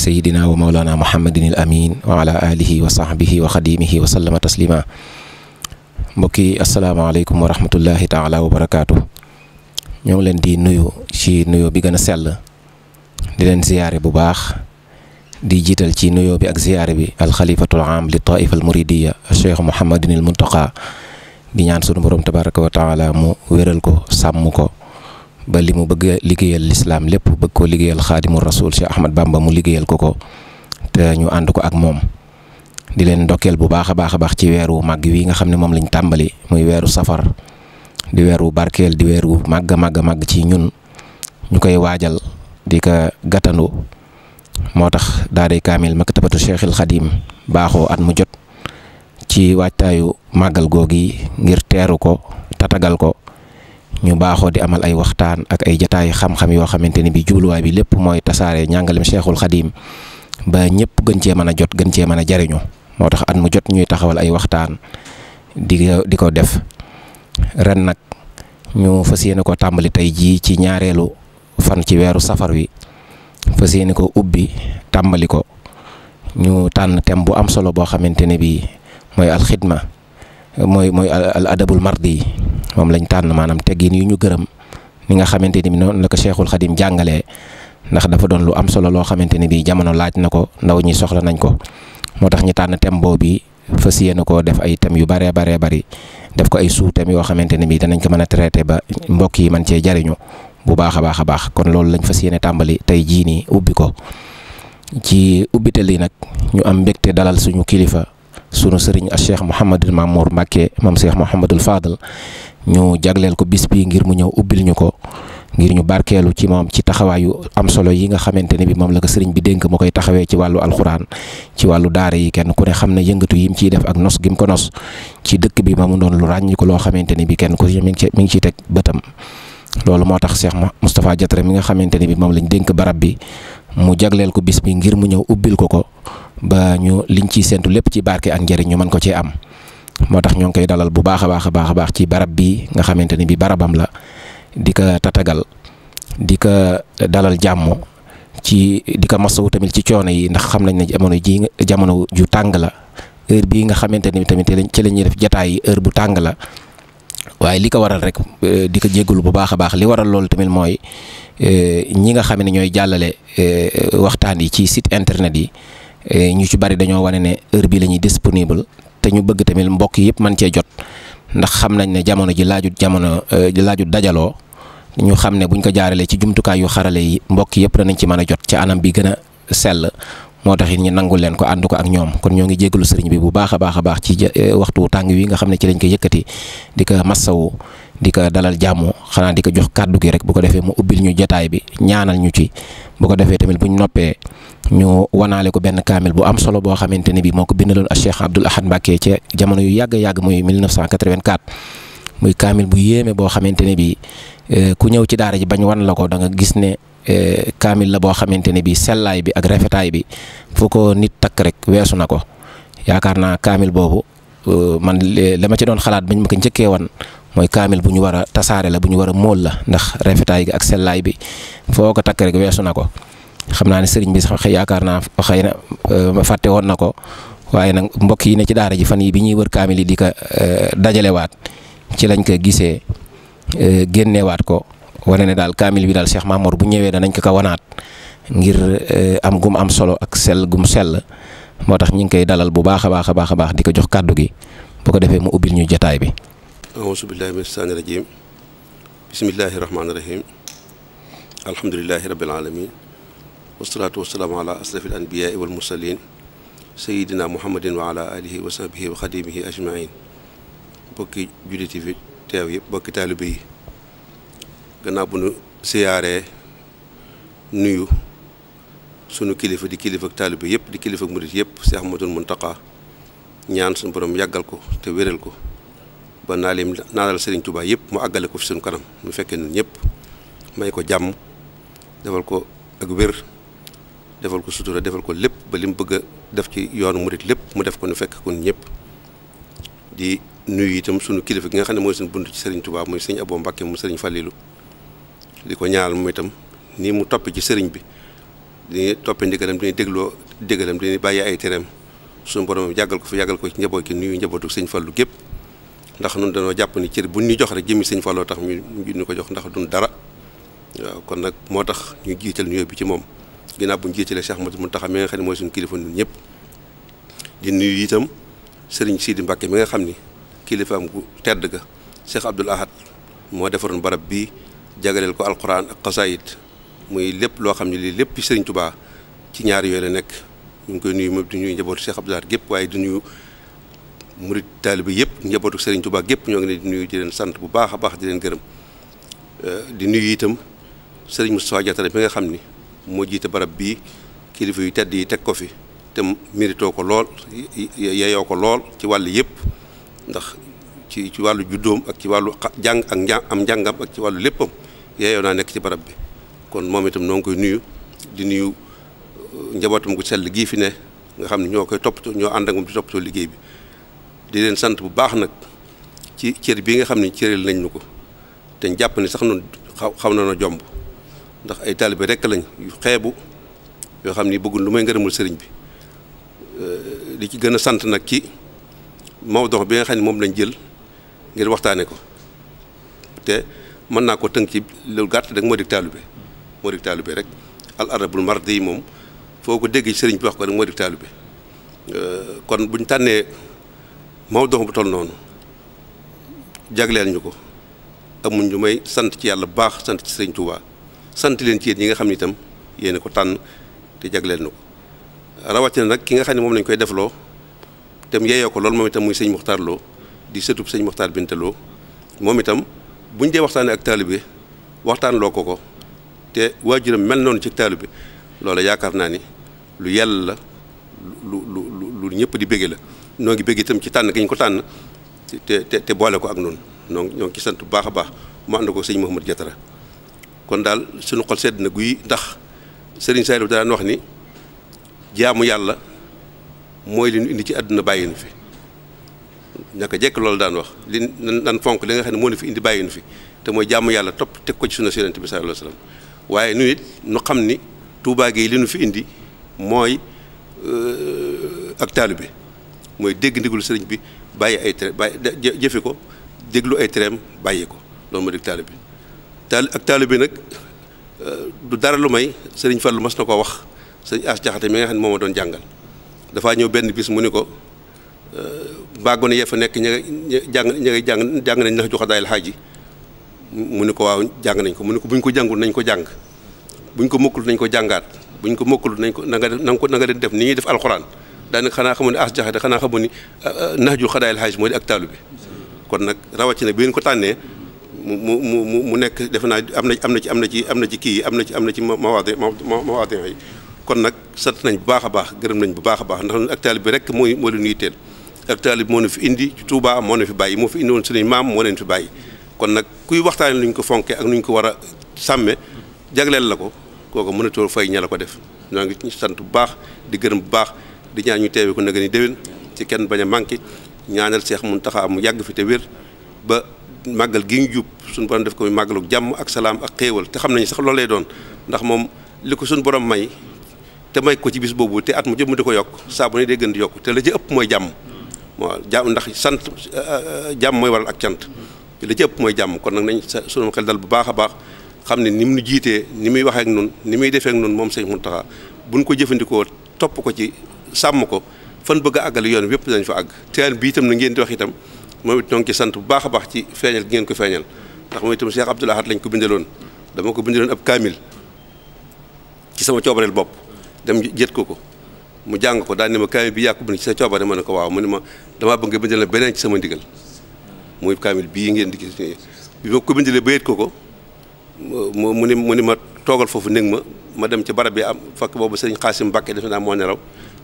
سيدنا ومولانا محمد الأمين وعلى آله وصحبه وخديمه وسلم تسليما مكي السلام عليكم ورحمة الله تعالى وبركاته يوم لن دي نيو شي نيو بيغن سل دي لن زياري بباخ دي جيتل شي نيو بيك زياري بي الخليفة العام للطائفة المريدية الشيخ محمد المنتقى دي نيان سنو تبارك وتعالى مو ويرلكو سموكو ba li mu bëgg liggéeyal l'islam lépp bëgg ko liggéeyal xaadimu rasul Cheikh Ahmad Bamba mu liggéeyal ko ko te ñu and ko ak mom di len ndokkeel bu baaxa baaxa baax ci wéru mag wi nga xam mom lañ tambali muy wéru safar di wéru barkel di wéru magga magga mag ci ñun ñukay wajal di ka gatanu motax tax kamil, maktabatu cheikhul khadim baaxo at mu jot ci wajtaayu magal googi ngir téru ko tatagal ko ñu baaxoo di amal ay waxtaan ak ay jataay xam-xam yoo xamante ni bi jubluwaay bi lépp mooy tasaare njàngalem Cheikhul Xadim ba ñëpp gën cee mën a jot gën cee mën a jariñu moo tax at mu jot ñuy taxawal ay waxtaan di di ko def ren nag ñu fas yéene ko tàmbali tey jii ci ñaareelu fan ci weeru safar wi fas yéene ko ubbi tàmbali ko ñu tànn thème bu am solo boo xamante ne bi mooy alxidma mooy mooy al adabul mardi moom lañ tànn maanaam teggin yi ñu gërëm ni nga xamante ni noonu la ko Cheikhul Xadim jàngalee ndax dafa doon lu am solo loo xamante ni bii jamono laaj na ko ndaw ñi soxla nañ ko moo tax ñu tànn thème boobu bi fas yéene koo def ay thèmes yu bëree baree bari def ko ay sous-thèmes yoo xamante ne bii danañ ko mën a traité ba mbokk yi mën cee jariñu bu baax a baax a baax kon loolu lañ fas yéene tàmbali tey jii nii ubbi ko ci ubbite li nag ñu am mbégte dalal suñu kilifa. sunu sëriñ ak cheikh Mouhamadul Mamour Mbacke moom cheikh Mouhamadul Fadal ñu jagleel ko bis bi ngir mu ñëw ubbil ñu ko ngir ñu barkeelu ci moom ci taxawaayu am solo yi nga xamante ne bi moom la ko sëriñ bi dénk mu koy taxawee ci wàllu alxuraan wàllu daara yi kenn ku ne xam ne yëngatu yi mu ciy def ak nos gi ko nos ci dëkk bi ma mu doon lu ko loo xamante ne bi kenn ku mi ngi mi ngi ciy teg bëtam. loolu moo tax Cheikh Moustapha Diatre mi nga xamante ne bi moom lañ dénk barab bi mu jagleel ko bis bi ngir mu ñëw ubbil ko ko. ba ñu liñ ciy séntu lépp ci barke ak njëriñ ñu mën ko cee am moo tax ñoo ngi koy dalal bu baax a baax a baax a baax ci barab bii nga xamante ni bi barabam la di ko tatagal di ko dalal jàmm ci di ko masawu tamit ci coono yi ndax xam nañ ne jamono ji jamono ju tàng la heure bii nga xamante ni tamit ci la ñuy def jataay yi heure bu tàng la waaye li ko waral rek euh, di ko jégalu bu baax a baax li waral loolu tamit mooy euh, ñi nga xam ne ñooy jàllale euh, waxtaan yi ci site internet yi. Eh, ñu ci bari dañoo wane ne heure bi lañuy disponible te ñu bëgg tamit mbokk yëpp man cee jot ndax xam nañ ne jamono ji laajut jamono eh, laajut dajaloo ñu xam ne buñ ko jaaralee ci jumtukaay yu xarale yi mbokk yëpp danañ ci mën a jot ci anam bi gën a sell moo tax it ñu nangul leen ko ànd ko ak ñoom kon ñoo ngi jéggalu sëriñ bi bu baax a baax a baax ci eh, waxtu tàng wi nga xam ne ci lañ ko yëkkati di ko massawu dalal jàmm xanaa dika ko jox kàddu gi rek bu ko defee mu ubbil ñu jotaay bi ñaanal ñu ci bu ko defee tamit buñ noppee ñu wanaale ko benn kaamil bu am solo boo xamante ne bii moo ko bindaloon ak Cheikh Abdoul Ahad Mbacké ca jamono yu yàgg yàgg muy 1984 muy kaamil bu yéemee boo xamante ne bii eh, ku ñëw ci daara ji bañ wan la ko da nga gis ne eh, kaamil la boo xamante ne bii sellaay bi ak rafetaay bi fu ko nit takk rek weesu na ko yaakaar naa kaamil boobu eh, man la ma ci doon xalaat bañ ma ko njëkkee wan. mooy kaamil bu ñu war a tasaare la bu ñu war a móol la ndax rafetaay gi ak sellaay bi foo ko takk rek weesu na ko xam naa ne sëriñ bi sax yaakaar naa xëy na euh, fàtte woon na ko waaye nag mbokk yi ne ci daara ji fan yi bi ñuy wër kaamil yi di ko euh, dajalewaat ci lañ ko gisee euh, génneewaat ko wane ne daal kaamil bi daal Cheikh Mamour bu ñëwee danañ ko ko wanaat ngir am gum am solo ak sell gum sell moo tax ñu ngi koy dalal bu baax a baax a baax a baax di ko jox kàddu gi boo ko defee mu ubbil ñu jotaay bi. auzu billaahi mina shaytaani rajiim bismillaahi rahmaani rahiim alhamdulillaahi rabbil aalamiin والصلاة والسلام على أسلف الأنبياء والمرسلين سيدنا محمد وعلى آله وصحبه وخديمه أجمعين بوكي جولي تي في تاوي بوكي طالبي غنا بونو سياري نيو سونو كليفة دي كليفة طالبي ييب دي كليفة مريد ييب سي أحمد المنتقى نيان سون بروم ياغال كو تي ويرال كو با ناليم نادال سيرن توبا ييب مو اغال كو في سونو كانام مو فيك نون ييب ماي كو جام دافال كو ak wér defal ko sutura defal ko lépp ba li mu bëgg def ci yoonu mu murit lépp mu def ko nu fekk kon ñëpp di nuyu itam sunu kilifa gi nga xam ne mooy seen bunt ci Serigne tubaab mooy sëñ Abo Mbacke mu Serigne Fallilou li ko ñaanal mu itam nii mu topp ci sëriñ bi di toppee ndigalam di dégloo déggalam di bàyyi ay tereem suñu borom yàggal ko fi yàggal ko ci njaboot ki nuyu njabootu sëñ Fallou gépp ndax nu dañoo jàpp ni cër bu ñu jox rek jëmi sëñ Fallou tax ñu ñu ko jox ndax dara kon nag moo tax ñu jiital nuyoo bi ci moom ginnaaw bu ñu jiitalee Cheikh Mouhamadou Mountakha mi nga xam ne mooy suñu kilifa ñun ñëpp di nuyu itam sëriñ Sidi Mbacke mi nga xam ni kilifaam gu tedd ga Cheikh Abdoul Ahad moo defaroon barab bi jagaleel ko alquran ak xasaayid muy lépp loo xam ne lii lépp sëriñ Touba ci ñaar yooyu la nekk ñu ngi koy nuyu moom di nuyu njabootu Cheikh Abdoul Ahad gépp waaye di nuyu murid yëpp njabootu sëriñ Touba gépp ñoo ngi leen di nuyu di leen sant bu baax a baax di leen gërëm euh, di nuyu itam sëriñ Moustapha Diatara mi nga xam ni mo jité barab bi kilifa yu tedd yi tek ko fi te mérito ko lool ya-, yeyoo ko lool ci wàll yépp ndax ci ci wàllu juddoom ak ci wàllu jàng ak am jangam ak ci wàllu léppam yeyoo naa nekk ci barab bi kon moom itam noo ngi koy nuyu di nuyu uh, njabootam gu sell gii fi ne nga xam ne ñoo koy toppatoo ñoo ànd ak moom di toppatoo liggéey bi di leen sant bu baax nag ci cër bi nga xam ne nañ ñu ko te jàpp ni sax noonu xaw na na jomb ndax ay taalibe rek lañ yu xeebu yoo xam ni bëggul lu may ngërëmul sëriñ bi euh, li ci gën a sant nag ci mawdo bi nga xam ne moom lañ jël ngir waxtaane ko te mën naa ko tënk ci loolu gàtt rek moo di taalibe moo di taalibe rek al arabul mardi yi moom foo ko dégg sëriñ bi wax ko rek moo di taalibe euh, kon buñ tànnee mawdo bu toll noonu jagleel ñu ko amuñ lu may sant ci yàlla baax sant ci sëriñ Tuubaa sant leen ci yéen ñi nga xam ne itam yéen ko tànn te jagleel na ko rawatina nag ki nga xam ne moom lañ koy defloo itam yeeyoo ko loolu moom itam muy sëñ Mokhtar Lo di sëtub sëñ Mokhtar Binta Lo moom itam bu ñu dee waxtaanee ak taalibe bi waxtaanloo ko ko te waajuram mel noonu ci bi loola yaakaar naa ni lu yàlla la lu lu lu ñëpp di bége la noo ngi bégg itam ci tànn gi ñu ko tànn te te te boole ko ak noonu noo ñoo ci sant bu baax a baax mu ànd ko sëñ Mouhamadou Diatara kon daal suñu xol sedd na guy ndax sëriñ Serigne bi daan wax ni jaamu yàlla mooy li ñu indi ci àdduna bàyyi nu fi ñaka jekk loolu daan wax li nan fonk li nga xam ne moo nu fi indi bàyyi nu fi te mooy jaamu yàlla topp teg ko ci sunna Yonent bi sallallahu alayhi wasallam waaye nu it nu xam ni Touba gi li nu fi indi mooy euh, ak taalibe mooy dégg ndigalu sëriñ bi bàyyi ay tere bàyyi jëfe ko déglu ay tereem bàyyi ko loolu moo dig taalibe taal ak taalibe bi nag euh, du dara lu may sëriñ Fallu mas na ko wax sëriñ As Jaxate mi nga ne doon jàngal dafaa ñëw benn bis mu ni ko euh, bàggoon yee fa nekk ña jàng ña jàng nañ ndax joxa daayil xaaj mu ni ko waaw jàng nañ ko mu ni ko buñ ko jàngul nañ ko jàng buñ ko mokkul nañ ko jàngaat buñ ko mokkul nañ ko na nga def ko na def ni ñuy def alxuraan daanaka xanaa xamu ne as jaxate xanaa xamoon ni euh, nax ju xadaayil xaaj ak taalu bi kon nag rawatina bi ngeen ko tànnee mu mu mu mu nekk defe naa am na am na ci am na ci am na ci kii yi am na ci am na ci mawaade mawaade yi kon nag sant nañ bu baax a baax gërëm nañ bu baax a baax ndax ak taalib bi rek mooy moo leen yitteel ak taalib bi moo leen fi indi ci Touba moo leen fi bàyyi moo fi indi woon suñu maam moo leen fi bàyyi kon nag kuy waxtaane lu ñu ko fonkee ak nu ñu ko war a sàmme jagleel la ko kooku mënatoo fay ña la ko def ñoo ngi sant bu baax di gërëm bu baax di ñaan ñu teewee ko nag ni déwén ci kenn bañ a manqué ñaanal Seex Muntaxa mu yàgg fi te wér ba màggal gii ñu jub suñu borom def ko muy màggalu jàmm ak salaam ak xéewal te xam nañu sax loolu lay doon ndax moom li ko suñu borom may te may ko ci bis boobu te at mu jëm mu di ko yokk saa bu ne gën di yokk te la ci ëpp mooy jàmm waaw jàmm ndax sant euh, euh, jàmm mooy waral ak cant la ëpp mooy jàmm kon nag nañ sunu xel dal bu baax a baax xam ne ni mu nu jiitee ni muy waxee ak nun ni muy defee ak nun moom sëñ bu buñ ko jëfandikoo topp ko ci sàmm ko fan bëgg a àggali yoon yëpp dañ fa àgg te bii itam nu ngeen di wax itam moom it ñoo ci sant bu baax a baax ci feeñal gi ngeen ko feeñal ndax moom itam Cheikh Abdoul Ahad lañ ko bindaloon dama ko bindaloon ab kaamil ci sama coobareel bopp dem jët ko ko mu jàng ko daal ne ma kaamil bi yaa ko bind ci sa coobare ma ne ko waaw mu ne ma damaa bëgg a bindal beneen ci sama ndigal muy kaamil bii ngeen di gis bi ko bindalee ba yët ko ko mu mu ne mu ne ma toogal foofu néeg ma ma dem ci barab yi am fakk boobu sëriñ Xaasim Mbàkke defe naa moo nelaw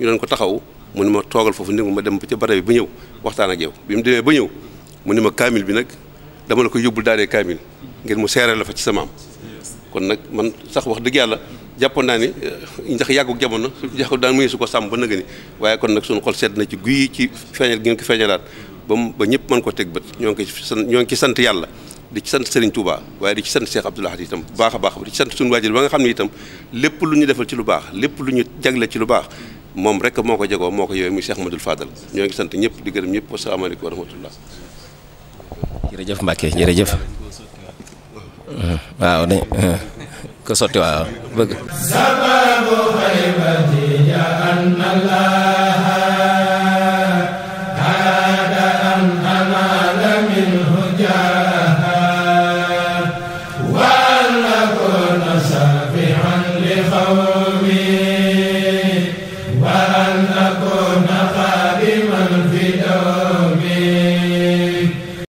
ñu doon ko taxaw mu ne ma toogal foofu ni ma dem ba ca bara bi ba ñëw waxtaan ak yow bi mu demee ba ñëw mu ne ma kaamil bi nag dama la ko yóbbul daaree kaamil ngir mu seeree la fa ci sama am kon nag man sax wax dëgg yàlla jàppoon naa ni eh, ndax yàggu jamono yàggu daan muy su ko sàmm ba nëga ni waaye kon nag suñu xol sedd na ci guy ci feeñal gi nga ko feeñalaat ba ba ñëpp mën ko teg bët ñoo ngi ci sant ñoo ngi ci sant yàlla di ci sant Serigne Touba waaye di ci sant Cheikh Abdoul Ahad itam bu baax a baax di ci sant suñu waajur ba nga xam ne lépp lu ñu defal ci lu baax lépp lu ñu jagle ci lu baax moom rek moo ko jegoo moo ko yooyu muy ma Madul Fadal ñoo ngi sant ñëpp di gërëm ñëpp wasalaamaaleykum wa rahmatullah jërëjëf Mbacke jërëjëf waaw dañ ko sotti waaw bëgg